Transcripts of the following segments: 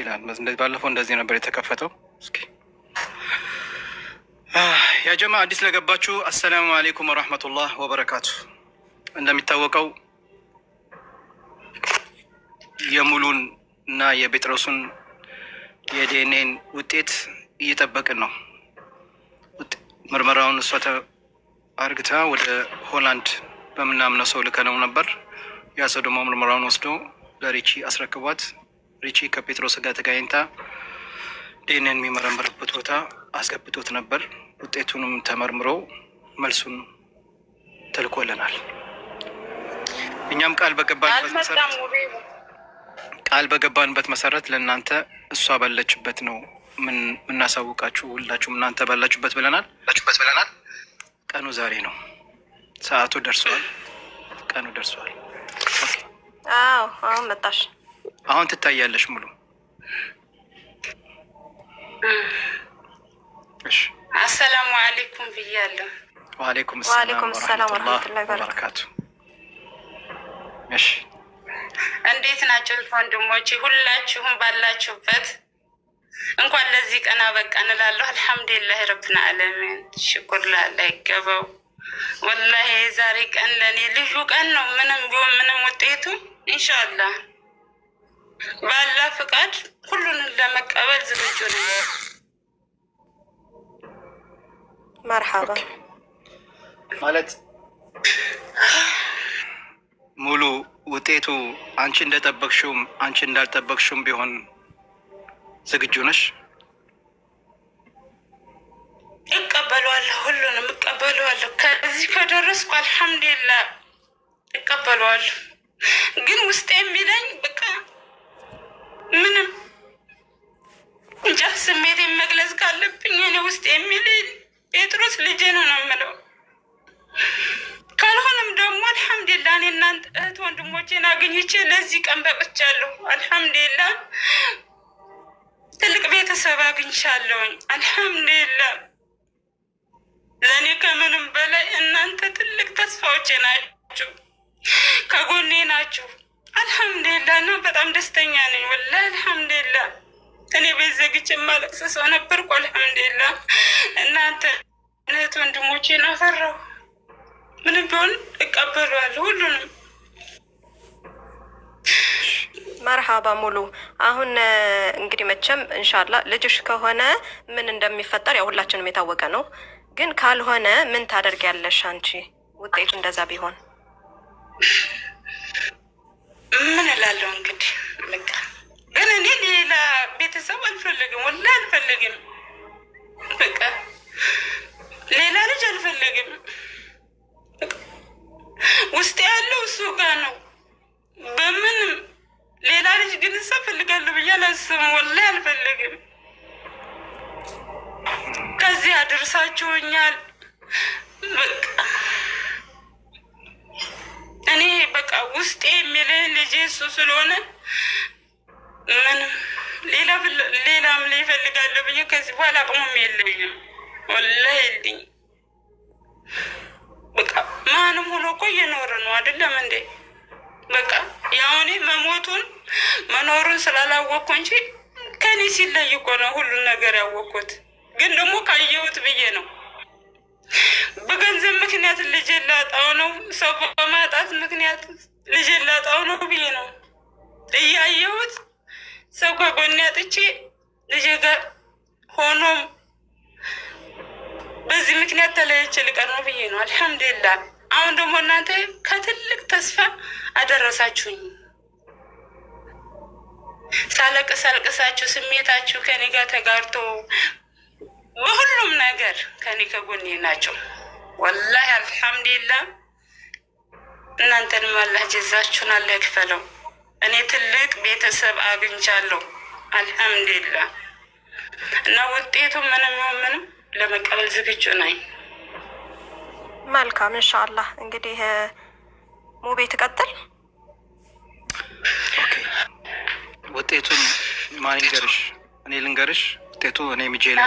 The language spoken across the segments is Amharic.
ይላል። ባለፈው እንደዚህ ነበር የተከፈተው። እስኪ ያጀማ አዲስ ለገባችሁ አሰላሙ አሌይኩም ወረህመቱላህ ወበረካቱ። እንደሚታወቀው የሙሉን እና የጴጥሮሱን የዲኤንኤን ውጤት እየጠበቅን ነው። ምርመራውን እሷ አርግታ ወደ ሆላንድ በምናምነው ሰው ልከነው ነበር። ያ ሰው ደግሞ ምርመራውን ወስዶ ለሪቺ አስረክቧት ሪቺ ከጴጥሮስ ጋር ተገናኝታ ዴንን የሚመረምርበት ቦታ አስገብቶት ነበር። ውጤቱንም ተመርምሮ መልሱን ተልኮልናል። እኛም ቃል በገባንበት መሰረት ቃል በገባንበት መሰረት ለእናንተ እሷ ባለችበት ነው የምናሳውቃችሁ። ሁላችሁም እናንተ ባላችሁበት ብለናል ባላችሁበት ብለናል። ቀኑ ዛሬ ነው። ሰዓቱ ደርሷል። ቀኑ ደርሷል። አዎ አሁን መጣሽ። አሁን ትታያለሽ ሙሉ። አሰላሙ አሌይኩም ብያለሁ። ዋሌይኩም ሰላም ወረህመቱላሂ ወበረካቱ። እሺ እንዴት ናቸው ወንድሞቼ? ሁላችሁም ባላችሁበት እንኳን ለዚህ ቀን አበቃን እላለሁ። አልሐምዱሊላህ ረብን አለሚን ሽኩር ላላ ይገባው። ወላሂ የዛሬ ቀን ለእኔ ልዩ ቀን ነው። ምንም ቢሆን ምንም ውጤቱ ኢንሻላህ ባላ ፍቃድ ሁሉንም ለመቀበል ዝግጁ ነ መርሓባ ማለት ሙሉ ውጤቱ አንቺ እንደጠበቅሽውም አንቺ እንዳልጠበቅሽውም ቢሆን ዝግጁ ነሽ? እቀበለዋለሁ፣ ሁሉንም እቀበለዋለሁ። ከዚህ ከደረስኩ አልሐምዱሊላህ እቀበለዋለሁ። ግን ውስጤ የሚለኝ በቃ ምንም እንጃ። ስሜቴን መግለጽ ካለብኝ እኔ ውስጥ የሚል ጴጥሮስ ልጄ ነው ነው የምለው። ካልሆነም ደግሞ አልሐምዱሊላህ እኔ እናንተ እህት ወንድሞቼን አግኝቼ ለዚህ ቀን በቅቻለሁ። አልሐምዱሊላህ ትልቅ ቤተሰብ አግኝቻለሁኝ። አልሐምዱሊላህ ለእኔ ከምንም በላይ እናንተ ትልቅ ተስፋዎቼ ናችሁ፣ ከጎኔ ናችሁ። አልሐምዱሊላህ ነው። በጣም ደስተኛ ነኝ። ወላ አልሐምዱሊላህ እኔ ቤት ዘግቼ የማለቅስ ሰው ነበርኩ። አልሐምዱሊላህ እናንተ እህት ወንድሞቼን አፈራሁ። ምንም ቢሆን እቀበለዋለሁ ሁሉንም። መርሃባ ሙሉ አሁን እንግዲህ መቼም እንሻላ ልጅሽ ከሆነ ምን እንደሚፈጠር ያው ሁላችንም የታወቀ ነው። ግን ካልሆነ ምን ታደርጊያለሽ አንቺ ውጤቱ እንደዛ ቢሆን ምን እላለሁ እንግዲህ በቃ ግን እኔ ሌላ ቤተሰብ አልፈልግም፣ ወላ አልፈልግም። በቃ ሌላ ልጅ አልፈልግም። ውስጥ ያለው እሱ ጋር ነው። በምንም ሌላ ልጅ ግን እሳ ፈልጋለሁ ብዬ አላስብም። ወላ አልፈልግም። ከዚህ አድርሳችሁኛል በቃ እኔ በቃ ውስጤ የሚልህ ልጅ እሱ ስለሆነ ምንም ሌላም ላይ ይፈልጋለሁ ብዬ ከዚህ በኋላ አቅሙም የለኝም። ወላ የልኝ በቃ ማንም ሆኖ እኮ እየኖረ ነው አይደለም እንዴ? በቃ ያው እኔ መሞቱን መኖሩን ስላላወቅኩ እንጂ ከኔ ሲለይ እኮ ነው ሁሉን ነገር ያወቅኩት። ግን ደግሞ ካየሁት ብዬ ነው በገንዘብ ምክንያት ልጅ ላጣው ነው፣ ሰው በማጣት ምክንያት ልጅ ላጣው ነው ብዬ ነው እያየሁት ሰው ከጎን ያጥቼ ልጅ ጋር ሆኖም በዚህ ምክንያት ተለያይቼ ልቀር ነው ብዬ ነው። አልሐምዱላ አሁን ደግሞ እናንተ ከትልቅ ተስፋ አደረሳችሁኝ። ሳለቅስ አልቅሳችሁ ስሜታችሁ ከኔ ጋር ተጋርቶ በሁሉም ነገር ከኔ ከጎኔ ናቸው። ወላሂ አልሐምዱሊላ። እናንተንም አላህ ጀዛችሁን አላህ ይክፈለው። እኔ ትልቅ ቤተሰብ አግኝቻለሁ። አልሐምዱሊላ እና ውጤቱ ምንም ይሁን ምንም ለመቀበል ዝግጁ ነኝ። መልካም እንሻአላህ። እንግዲህ ሙቤ ትቀጥል። ውጤቱን ማን ይንገርሽ? እኔ ልንገርሽ ውጤቱ እኔ ምጄ ላይ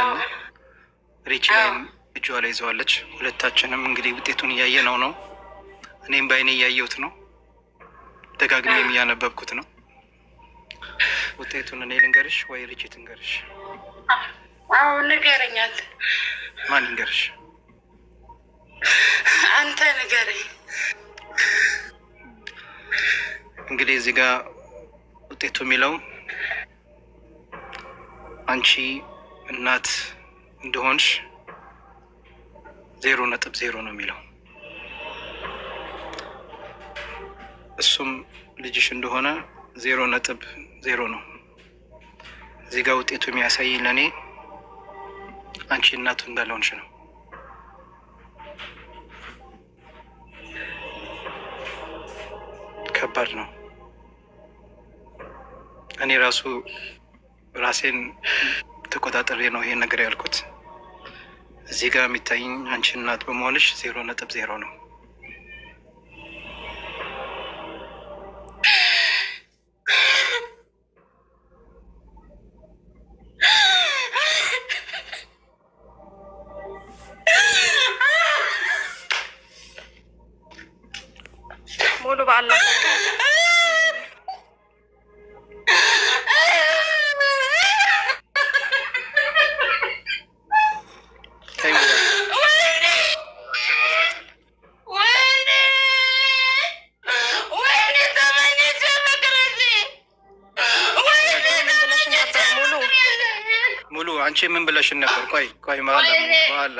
ሪች ላይም እጇ ላይ ይዘዋለች። ሁለታችንም እንግዲህ ውጤቱን እያየ ነው ነው እኔም በአይኔ እያየሁት ነው፣ ደጋግሜም እያነበብኩት ነው። ውጤቱን እኔ ልንገርሽ ወይ ሪቺ ትንገርሽ? አዎ ንገረኛል። ማን ልንገርሽ? አንተ ንገረኝ። እንግዲህ እዚህ ጋር ውጤቱ የሚለው አንቺ እናት እንደሆንሽ ዜሮ ነጥብ ዜሮ ነው የሚለው። እሱም ልጅሽ እንደሆነ ዜሮ ነጥብ ዜሮ ነው። እዚህ ጋር ውጤቱ የሚያሳይ ለእኔ አንቺ እናቱ እንዳለሆንሽ ነው። ከባድ ነው። እኔ ራሱ ራሴን ተቆጣጠሬ ነው ይሄን ነገር ያልኩት። እዚህ ጋር የሚታይኝ አንቺ እናት በመሆንሽ ዜሮ ነጥብ ዜሮ ነው። አንቺ ምን ብለሽን ነበር? ቆይ ቆይ፣ መሀላ መሀላ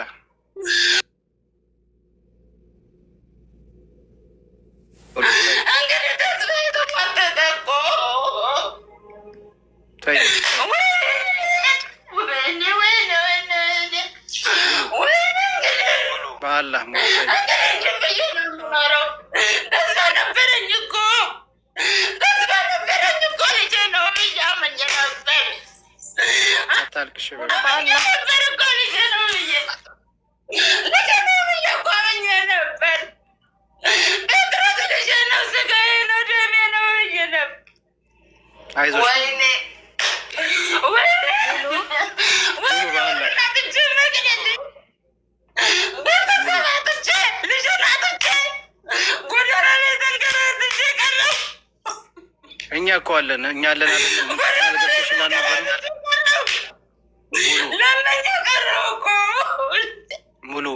አይዞሽ እኛ እኮ አለን እኛ አለን ሙሉ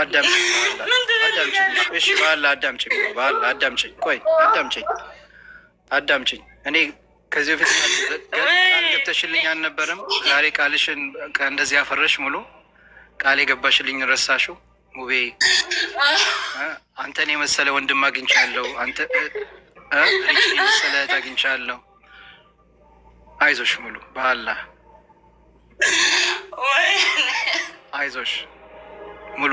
አዳምጭኝ፣ እኔ ከዚህ በፊት ቃል ገብተሽልኝ አልነበረም? ዛሬ ቃልሽን እንደዚህ ያፈረሽ ሙሉ ቃል የገባሽልኝ ረሳሽው? ሙቤ አንተን የመሰለ ወንድም አግኝቻለሁ። አንተ የመሰለ እህት አግኝቻለሁ። አይዞሽ ሙሉ በአላህ አይዞሽ ሙሉ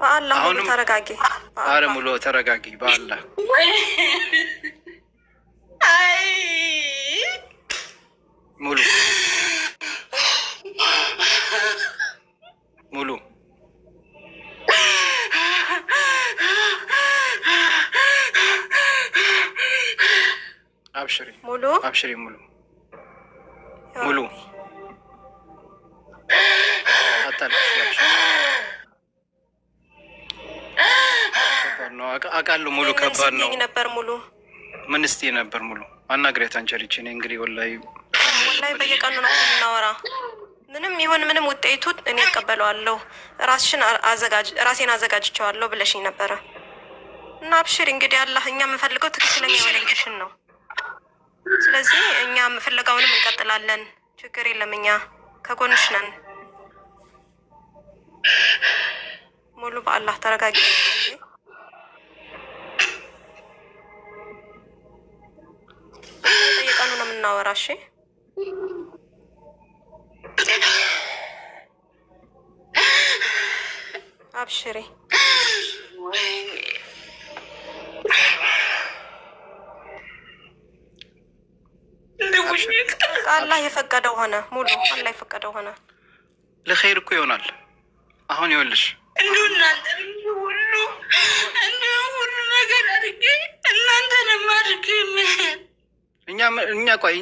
በአላህ ሙሉ ተረጋጊ። አረ ሙሉ ተረጋጊ። በአላህ ሙሉ ሙሉ አብሽሪ ሙሉ አብሽሪ ሙሉ ሙሉ አታልቅሽ አውቃለሁ። ሙሉ ከባድ ነው ነበር። ሙሉ ምን ስ ነበር ሙሉ አናግሬት አንቸሪች። እኔ እንግዲህ ወላይ ወላይ በየቀኑ ነው የምናወራ። ምንም ይሁን ምንም ውጤቱ እኔ እቀበለዋለሁ። ራስሽን አዘጋጅ ራሴን አዘጋጅቸዋለሁ ብለሽኝ ነበረ እና አብሽር እንግዲህ አላህ እኛ የምንፈልገው ትክክለኛ የሆነ የሆነሽን ነው። ስለዚህ እኛ የምፈልገውንም እንቀጥላለን። ችግር የለም። እኛ ከጎንሽ ነን። ሙሉ በአላህ ተረጋጊ። በየቀኑ ነው የምናወራሽ። አብሽሬ አላህ የፈቀደው ሆነ ሙሉ አላህ የፈቀደው ሆነ። ለኸይር እኮ ይሆናል። አሁን ይኸውልሽ እንዲሁ እናንተ ሁሉ እንዲሁ ሁሉ ነገር አድርጌ እናንተንም አድርጌ እኛ ቆይ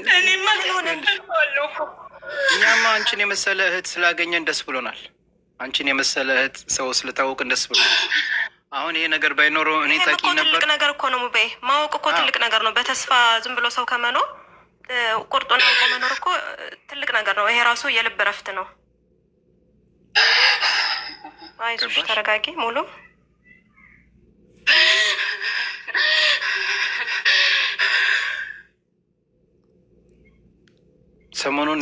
እኛማ አንቺን የመሰለ እህት ስላገኘን ደስ ብሎናል። አንቺን የመሰለ እህት ሰው ስለታወቅን ደስ ብሎናል። አሁን ይሄ ነገር ባይኖረው እኔ ታቂ ነበር። ትልቅ ነገር እኮ ነው ሙቤ፣ ማወቅ እኮ ትልቅ ነገር ነው። በተስፋ ዝም ብሎ ሰው ከመኖ ቁርጦ ነው መኖር እኮ ትልቅ ነገር ነው። ይሄ ራሱ የልብ እረፍት ነው። አይዞሽ፣ ተረጋጊ ሙሉ ሰሞኑን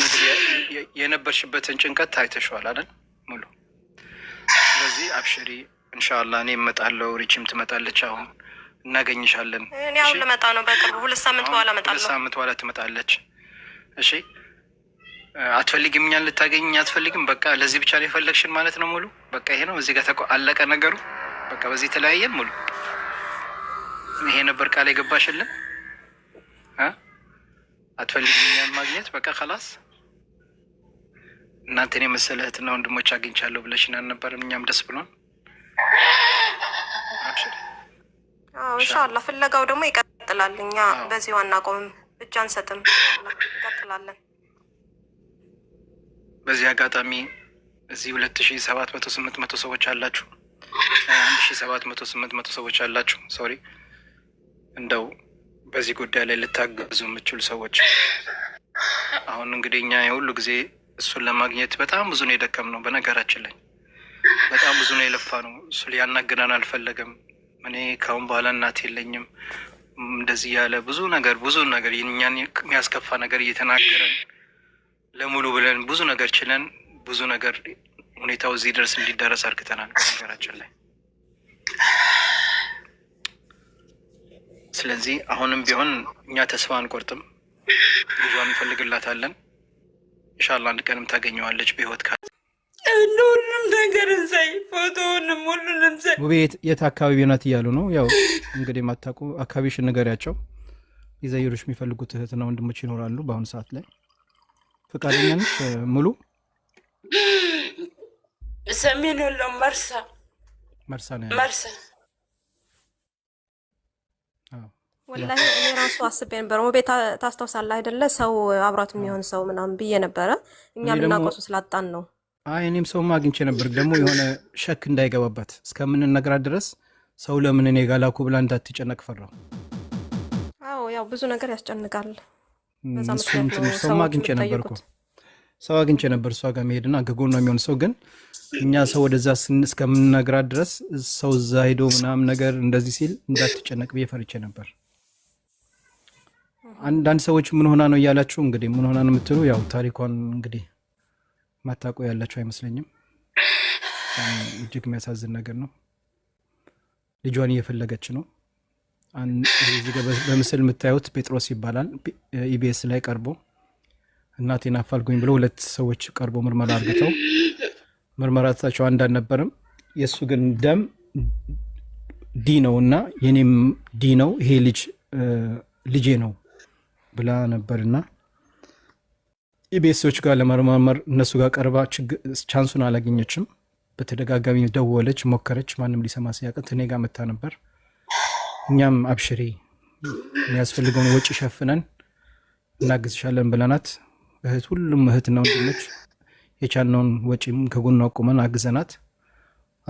የነበርሽበትን ጭንቀት ታይተሸዋል አይደል? ሙሉ ስለዚህ አብሽሪ እንሻላ። እኔ እመጣለሁ፣ ሪችም ትመጣለች። አሁን እናገኝሻለን። እኔ አሁን ልመጣ ነው፣ ሁለት ሳምንት በኋላ እመጣለሁ። ሁለት ሳምንት በኋላ ትመጣለች። እሺ አትፈልጊም? እኛን ልታገኝ አትፈልግም? በቃ ለዚህ ብቻ ነው የፈለግሽን ማለት ነው ሙሉ። በቃ ይሄ ነው፣ እዚህ ጋር አለቀ ነገሩ። በቃ በዚህ የተለያየን ሙሉ። ይሄ ነበር ቃል የገባሽልን። አትፈልግኛል ማግኘት በቃ ከላስ እናንተን የመሰለ እህትና ወንድሞች አግኝቻለሁ ብለሽን አልነበረም? እኛም ደስ ብሎን እንሻላ። ፍለጋው ደግሞ ይቀጥላል። እኛ በዚህ ዋና ቆምም እጅ አንሰጥም፣ ይቀጥላለን። በዚህ አጋጣሚ እዚህ ሁለት ሺ ሰባት መቶ ስምንት መቶ ሰዎች አላችሁ፣ አንድ ሺ ሰባት መቶ ስምንት መቶ ሰዎች አላችሁ። ሶሪ እንደው በዚህ ጉዳይ ላይ ልታገዙ የምችሉ ሰዎች አሁን እንግዲህ እኛ የሁሉ ጊዜ እሱን ለማግኘት በጣም ብዙ ነው የደከም ነው። በነገራችን ላይ በጣም ብዙ ነው የለፋ ነው። እሱ ሊያናግረን አልፈለገም። እኔ ከአሁን በኋላ እናት የለኝም እንደዚህ ያለ ብዙ ነገር ብዙ ነገር እኛን የሚያስከፋ ነገር እየተናገረን ለሙሉ ብለን ብዙ ነገር ችለን ብዙ ነገር ሁኔታው እዚህ ድረስ እንዲደረስ አድርገናል። በነገራችን ላይ ስለዚህ አሁንም ቢሆን እኛ ተስፋ አንቆርጥም። ልጇን እንፈልግላታለን። ኢንሻላህ አንድ ቀንም ታገኘዋለች በህይወት ካለ ሁሉንም ነገር እንሳይ፣ ፎቶውንም ሁሉንም ሳይ። ውቤ የት አካባቢ ናት እያሉ ነው። ያው እንግዲህ የማታውቁ አካባቢሽን ንገሪያቸው። ሊዘይሩሽ የሚፈልጉት እህትና ወንድሞች ይኖራሉ። በአሁኑ ሰዓት ላይ ፈቃደኛ ነሽ? ሙሉ ሰሜን ወሎ መርሳ መርሳ ነው መርሳ ወላሂ እኔ ራሱ አስቤ ነበር። ውቤ ታስታውሳለህ አይደለ? ሰው አብራት የሚሆን ሰው ምናምን ብዬ ነበረ። እኛ ልናቆሱ ስላጣን ነው። አይ እኔም ሰው አግኝቼ ነበር። ደግሞ የሆነ ሸክ እንዳይገባባት እስከምንነግራት ድረስ ሰው ለምን እኔ ጋር ላኩ ብላ እንዳትጨነቅ ፈራው። አዎ ያው ብዙ ነገር ያስጨንቃል። እሱም ትንሽ ሰውም አግኝቼ ነበር ሰው አግኝቼ ነበር እሷ ጋር መሄድና ከጎኗ የሚሆን ሰው ግን እኛ ሰው ወደዛ እስከምንነግራት ድረስ ሰው እዛ ሄዶ ምናምን ነገር እንደዚህ ሲል እንዳትጨነቅ ብዬ ፈርቼ ነበር። አንዳንድ ሰዎች ምን ሆና ነው እያላችሁ እንግዲህ ምን ሆና ነው የምትሉ ያው ታሪኳን እንግዲህ ማታቆ ያላችሁ አይመስለኝም። እጅግ የሚያሳዝን ነገር ነው። ልጇን እየፈለገች ነው። በምስል የምታዩት ጴጥሮስ ይባላል። ኢቢኤስ ላይ ቀርቦ እናቴን አፋልጉኝ ብለው ሁለት ሰዎች ቀርቦ ምርመራ አርግተው ምርመራታቸው አንድ አልነበረም። የእሱ ግን ደም ዲ ነው እና የኔም ዲ ነው ይሄ ልጅ ልጄ ነው ብላ ነበርና የቤተሰቦች ጋር ለመርማመር እነሱ ጋር ቀርባ ቻንሱን አላገኘችም። በተደጋጋሚ ደወለች፣ ሞከረች። ማንም ሊሰማ ሲያቅት እኔ ጋር መታ ነበር። እኛም አብሽሬ የሚያስፈልገውን ወጪ ሸፍነን እናግዝሻለን ብለናት እህት ሁሉም እህትና ወንድሞች የቻልነውን ወጪም ከጎኗ አቁመን አግዘናት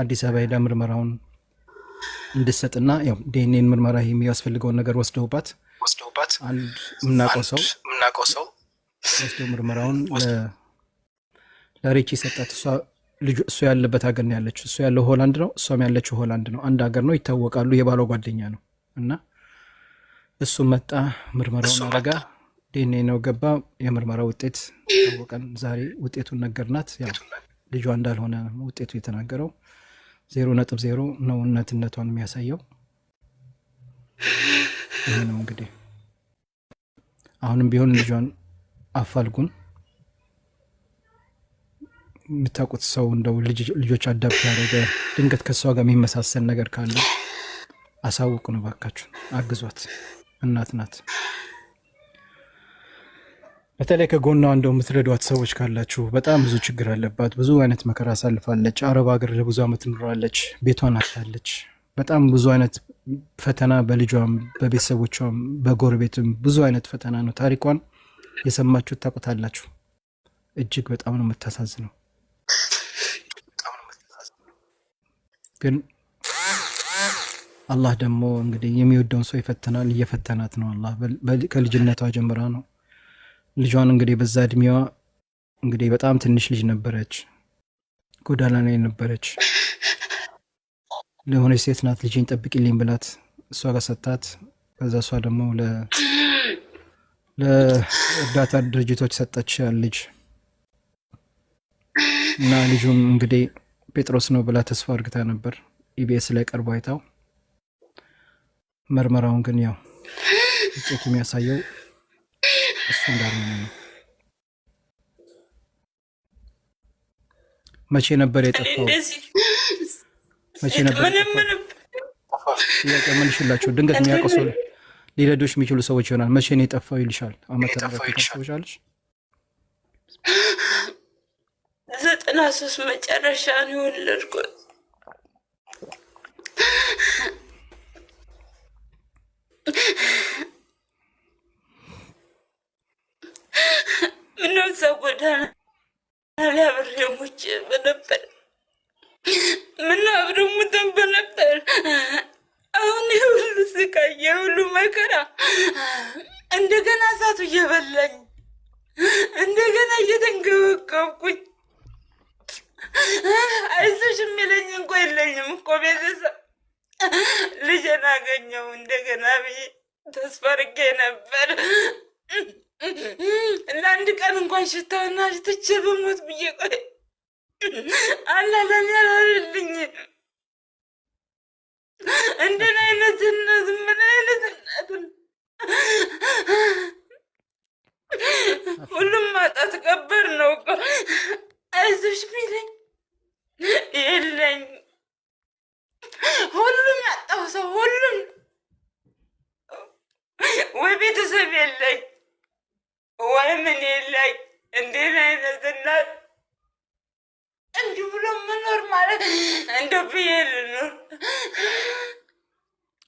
አዲስ አበባ ሄዳ ምርመራውን እንድሰጥና ያው ዲኤንኤን ምርመራ የሚያስፈልገውን ነገር ወስደውባት ወስደውባት አንድ የምናውቀው ሰው ወስደው ምርመራውን ለሬቺ ሰጣት። እሱ ያለበት ሀገር ነው ያለችው። እሱ ያለው ሆላንድ ነው፣ እሷም ያለችው ሆላንድ ነው። አንድ ሀገር ነው፣ ይታወቃሉ። የባሏ ጓደኛ ነው እና እሱ መጣ ምርመራውን አረጋ ዲኤንኤ ነው ገባ። የምርመራ ውጤት ታወቀን። ዛሬ ውጤቱን ነገርናት። ያው ልጇ እንዳልሆነ ውጤቱ የተናገረው ዜሮ ነጥብ ዜሮ ነው እናትነቷን የሚያሳየው ይህ ነው እንግዲህ። አሁንም ቢሆን ልጇን አፋልጉን። የምታውቁት ሰው እንደው ልጆች አዳብ ያደረገ ድንገት ከሷ ጋር የሚመሳሰል ነገር ካለ አሳውቁ ነው ባካችሁን፣ አግዟት። እናት ናት። በተለይ ከጎኗ እንደው የምትረዷት ሰዎች ካላችሁ፣ በጣም ብዙ ችግር አለባት። ብዙ አይነት መከራ አሳልፋለች። አረብ ሀገር ለብዙ ዓመት ኖራለች። ቤቷን አታለች። በጣም ብዙ አይነት ፈተና በልጇም፣ በቤተሰቦቿም፣ በጎረቤትም ብዙ አይነት ፈተና ነው። ታሪኳን የሰማችሁት ታውቁታላችሁ። እጅግ በጣም ነው የምታሳዝነው። ግን አላህ ደግሞ እንግዲህ የሚወደውን ሰው ይፈትናል። እየፈተናት ነው አላህ ከልጅነቷ ጀምራ ነው ልጇን እንግዲህ በዛ እድሜዋ እንግዲህ በጣም ትንሽ ልጅ ነበረች፣ ጎዳና ላይ ነበረች። ለሆነች ሴት ናት ልጅን ጠብቂልኝ ብላት እሷ ጋር ሰጣት። ከዛ እሷ ደግሞ ለእርዳታ ድርጅቶች ሰጠች ልጅ እና ልጁም እንግዲህ ጴጥሮስ ነው ብላ ተስፋ አድርግታ ነበር። ኢቢኤስ ላይ ቀርቦ አይታው፣ ምርመራውን ግን ያው ውጤቱ የሚያሳየው እሱ እንዳልሆነ ነው። መቼ ነበር የጠፋው? መቼ ነበር ጥያቄ መልሽላቸው። ድንገት የሚያውቀው ሊረዶች የሚችሉ ሰዎች ይሆናል። መቼ ነው የጠፋው ይልሻል። አመተ ምህረት ዘጠና ሶስት መጨረሻ ነው የወለድኩት። ምነው እዛ ጎዳና ላይ አብሬ ሙቼ በነበር ምነው አብሬ ሙተን በነበር። አሁን የሁሉ ስቃይ የሁሉ መከራ እንደገና እሳቱ እየበላኝ እንደገና እየተንገበገብኩኝ አይዞሽ የሚለኝ እንኳ የለኝም እኮ ቤተሰብ ልጄን አገኘው እንደገና ብዬ ተስፋ አድርጌ ነበር። ለአንድ ቀን እንኳን ሽታውና ሽትቼ በሞት ብዬ ቆይ አላለኝ አላልልኝ። እንደን አይነት እናት ምን አይነት እናት! ሁሉም ማጣት ቀበር ነው እኮ። አይዞሽ ቢለኝ የለኝ። ሁሉም ያጣው ሰው ሁሉም ወይ ቤተሰብ የለኝ ወይም እኔ ላይ እንዴ አይነት እናት እንዲህ ብሎ ምኖር ማለት እንደ ብዬ ልኖር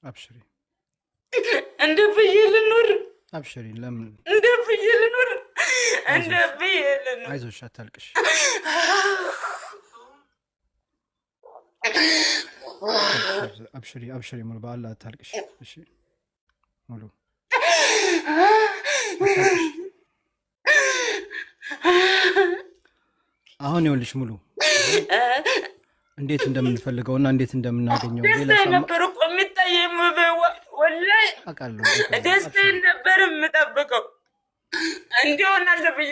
አብሽሪ፣ እንደ ብዬ ልኖር አብሽሪ፣ ለምን እንደ ብዬ ልኖር እንደ ብዬ ልኖር። አይዞሽ፣ አታልቅሽ። አብሽሪ፣ አብሽሪ፣ ሙሉ በአላ አታልቅሽ። እሺ ሙሉ አሁን ይኸውልሽ ሙሉ እንዴት እንደምንፈልገው እና እንዴት እንደምናገኘው ነበር እኮ የሚታየኝ። ወላሂ ደስታዬን ነበር የምጠብቀው። እንዲሆን አለ ብዬ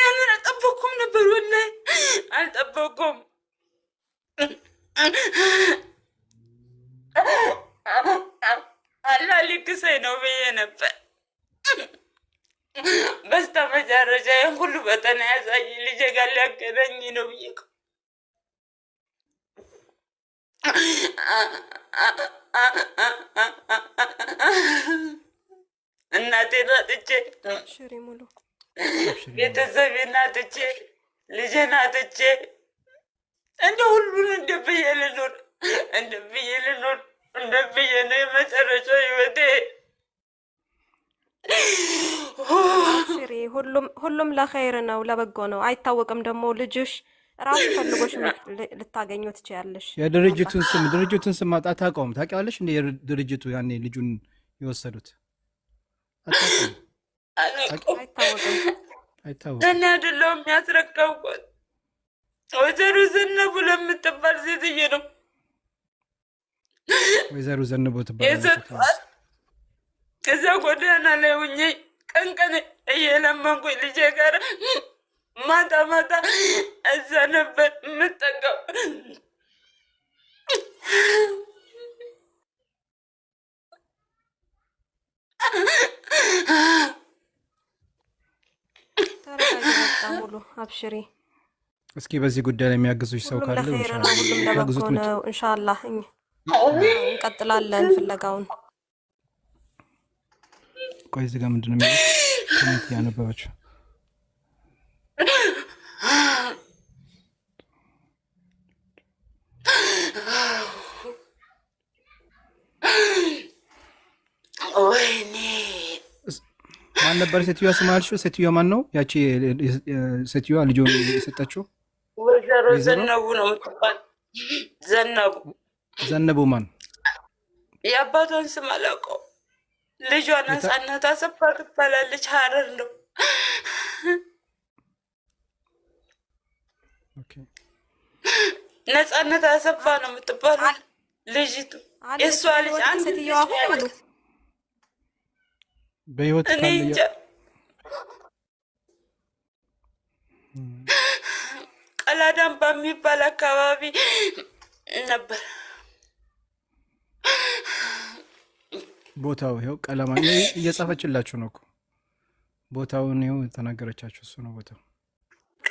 ያንን ነበር ወላሂ አላህ ሊክሰኝ ነው ብዬ ነበር በስተ መጨረሻ ይህን ሁሉ ፈተና ያሳይ ልጄ ጋር ሊያገናኝ ነው ብዬ እናቴን አጥቼ ቤተሰቤን አጥቼ ልጄን አጥቼ እንደ ሁሉን እንደ ብዬ ልኖር እንደ ብዬ ልኖር እንደ ብዬ ነው የመጨረሻው ህይወቴ። ስሪ። ሁሉም ለኸይር ነው፣ ለበጎ ነው። አይታወቅም ደግሞ ልጅሽ ራሱ ፈልጎሽ ልታገኙ ትችያለሽ። የድርጅቱን ስም ድርጅቱን ስም ማጣት አቆም ታውቂዋለሽ። እንደ ድርጅቱ ያኔ ልጁን የወሰዱት አይታወቅም። እኔ አይደለሁም ያስረከብኩት ወይዘሮ ዘነቡ ለምትባል ሴትዬ ነው። ወይዘሮ ዘነቡ ትባል የሰጧት እዛ ጎዳና ላይ ሁኜ ቀን ቀን እየለመንኩኝ ልጄ ጋር ማታ ማታ እዛ ነበር የምጠቀው። አብሽሪ እስኪ በዚህ ጉዳይ ላይ የሚያግዙች ሰው ካለ ነው። እንሻላ እንቀጥላለን ፍለጋውን ቆይ እዚህ ጋር ምንድን ነው ኮሜንት እያነበበችው ማን ነበር ሴትዮዋ ስም አልሽው? ሴትዮዋ ማን ነው ያቺ ሴትዮዋ ልጆ የሰጠችው? ወይዘሮ ዘነቡ ነው የምትባል። ዘነቡ ዘነቡ ማን የአባቷን ስም አላውቀውም። ልጇን ነጻነት አሰፋ ትባላለች። ሀረር ነው። ነጻነት አሰፋ ነው የምትባለው ልጅቱ። የእሷ ልጅ አንድ በህይወት ቀላዳም በሚባል አካባቢ ነበር ቦታው ይኸው ቀለማ እየጻፈችላችሁ ነው እኮ ቦታውን ይኸው የተናገረቻችሁ እሱ ነው ቦታው።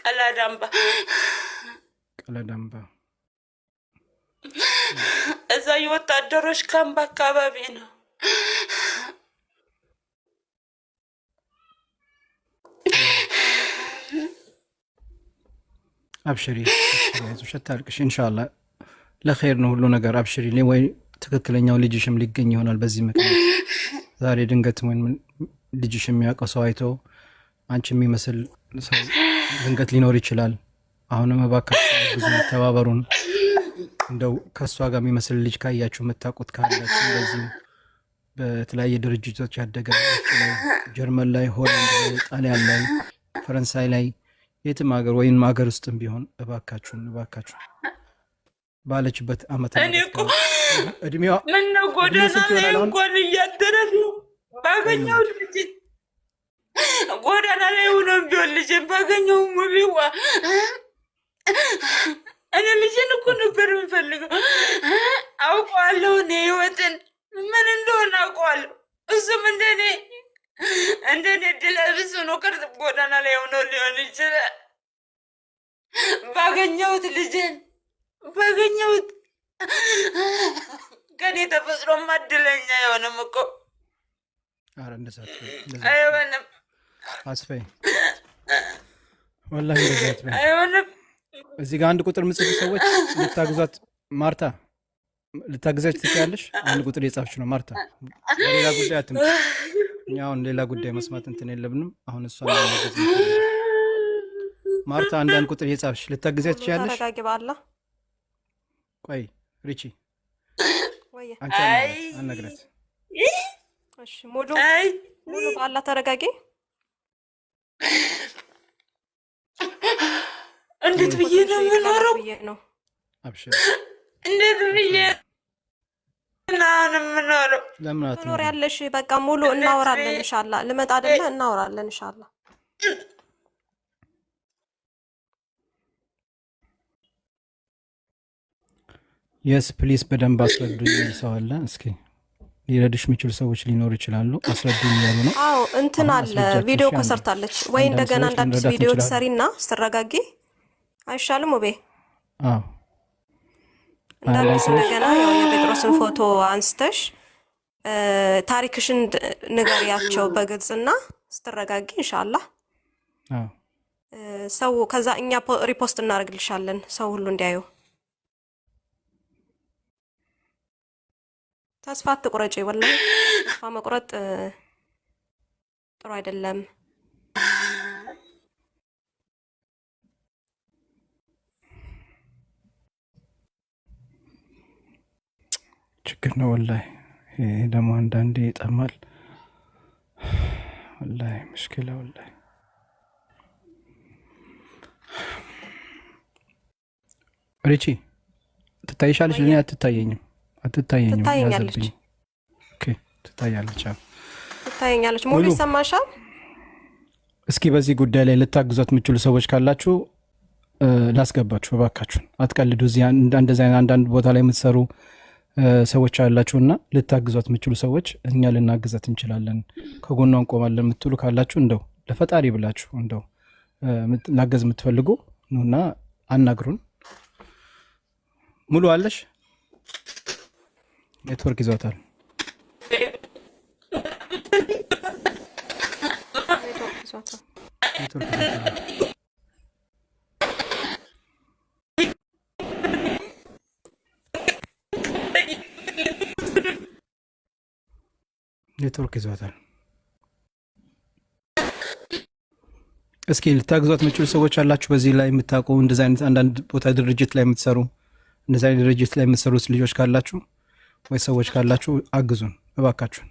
ቀላዳምባ ቀላዳምባ እዛ የወታደሮች ካምፕ አካባቢ ነው። አብሽሪ፣ ሸታልቅሽ አታልቅሽ። ኢንሻላህ ለኸይር ነው ሁሉ ነገር። አብሽሪ ወይ ትክክለኛው ልጅሽም ሊገኝ ይሆናል። በዚህ ምክንያት ዛሬ ድንገት ወይም ልጅሽ የሚያውቀው ሰው አይቶ አንቺ የሚመስል ሰው ድንገት ሊኖር ይችላል። አሁንም እባክህ ብዙ ተባበሩን። እንደው ከእሷ ጋር የሚመስል ልጅ ካያችሁ የምታውቁት ካላችሁ በዚህ በተለያየ ድርጅቶች ያደገ ጀርመን ላይ፣ ሆላንድ ላይ፣ ጣሊያን ላይ፣ ፈረንሳይ ላይ የትም ሀገር ወይም ሀገር ውስጥም ቢሆን እባካችሁን እባካችሁን ባለችበት አመት እድሜዋ ምነው ጎዳና ላይ እንኳን እያደረግ ነው። ባገኘው ልጅ ጎዳና ላይ ሆኖ ቢሆን ልጅ ባገኘው ሙቢዋ እኔ ልጅን እኮ ነበር የምፈልገው። አውቀዋለሁ፣ እኔ ህይወትን ምን እንደሆነ አውቀዋለሁ። እሱም እንደኔ እንደኔ ድለ ብስ ሆኖ ቅርጽ ጎዳና ላይ ሆኖ ሊሆን ይችላል። ባገኘሁት ልጅን ባገኘሁት ከኔ ተፈጥሮ ማድለኛ የሆነም እኮ አይሆንም። አስፋዬ ወላሂ አይሆንም። እዚህ ጋር አንድ ቁጥር ምጽፍ ሰዎች ልታግዟት ማርታ ልታግዛች ትችላለሽ። አንድ ቁጥር የጻፍች ነው ማርታ። ሌላ ጉዳይ አትም አሁን ሌላ ጉዳይ መስማት እንትን የለብንም። አሁን እሷ ማርታ አንዳንድ ቁጥር የጻፍሽ ልታግዛች ትችላለሽ። ቆይ ሪቺ አናግረት ሞዶ በአላ ተረጋጊ። እንዴት ብዬ ነው የምኖረው? እንዴት ብዬ ምኖረው? ትኖሪያለሽ። በቃ ሙሉ እናወራለን። እንሻላ ልመጣ አይደለ? እናወራለን እንሻላ የስ ፕሊስ በደንብ አስረዱኝ ሰው አለ። እስኪ ሊረዱሽ የሚችሉ ሰዎች ሊኖሩ ይችላሉ። አስረዱኝ እያሉ ነው። አዎ እንትን አለ ቪዲዮ እኮ ሰርታለች ወይ እንደገና አንድ አዲስ ቪዲዮ ትሰሪ ትሰሪና ስትረጋጊ አይሻልም? ውቤ አዎ እንደገና የጴጥሮስን ፎቶ አንስተሽ ታሪክሽን ንገሪያቸው በግልጽ በግልጽና ስትረጋጊ እንሻላ ሰው ከዛ እኛ ሪፖስት እናደርግልሻለን ሰው ሁሉ እንዲያየው ተስፋ አትቁረጭ። ወላሂ ተስፋ መቁረጥ ጥሩ አይደለም። ችግር ነው ወላሂ። ይሄ ደግሞ አንዳንዴ ይጠማል ወላሂ፣ ምሽኪላ ወላሂ። ሪቺ ትታይሻለች፣ ለእኔ አትታየኝም። አትታየኝም። ትታየኛለች፣ ትታያለች፣ ትታየኛለች። ሙሉ ይሰማሻል። እስኪ በዚህ ጉዳይ ላይ ልታግዟት የምችሉ ሰዎች ካላችሁ ላስገባችሁ እባካችሁን። አትቀልዱ። እዚህ እንደዚህ አንዳንድ ቦታ ላይ የምትሰሩ ሰዎች እና ልታግዟት የምችሉ ሰዎች እኛ ልናግዛት እንችላለን፣ ከጎኗ እንቆማለን የምትሉ ካላችሁ እንደው ለፈጣሪ ብላችሁ እንደው ላገዝ የምትፈልጉ ኑና አናግሩን። ሙሉ አለሽ ኔትወርክ ይዟታል። ኔትወርክ ይዟታል። እስኪ ልታግዟት ምችሉ ሰዎች አላችሁ? በዚህ ላይ የምታውቁ እንደዚ አይነት አንዳንድ ቦታ ድርጅት ላይ የምትሰሩ እንደዚ አይነት ድርጅት ላይ የምትሰሩት ልጆች ካላችሁ ወይ ሰዎች ካላችሁ አግዙን እባካችሁን።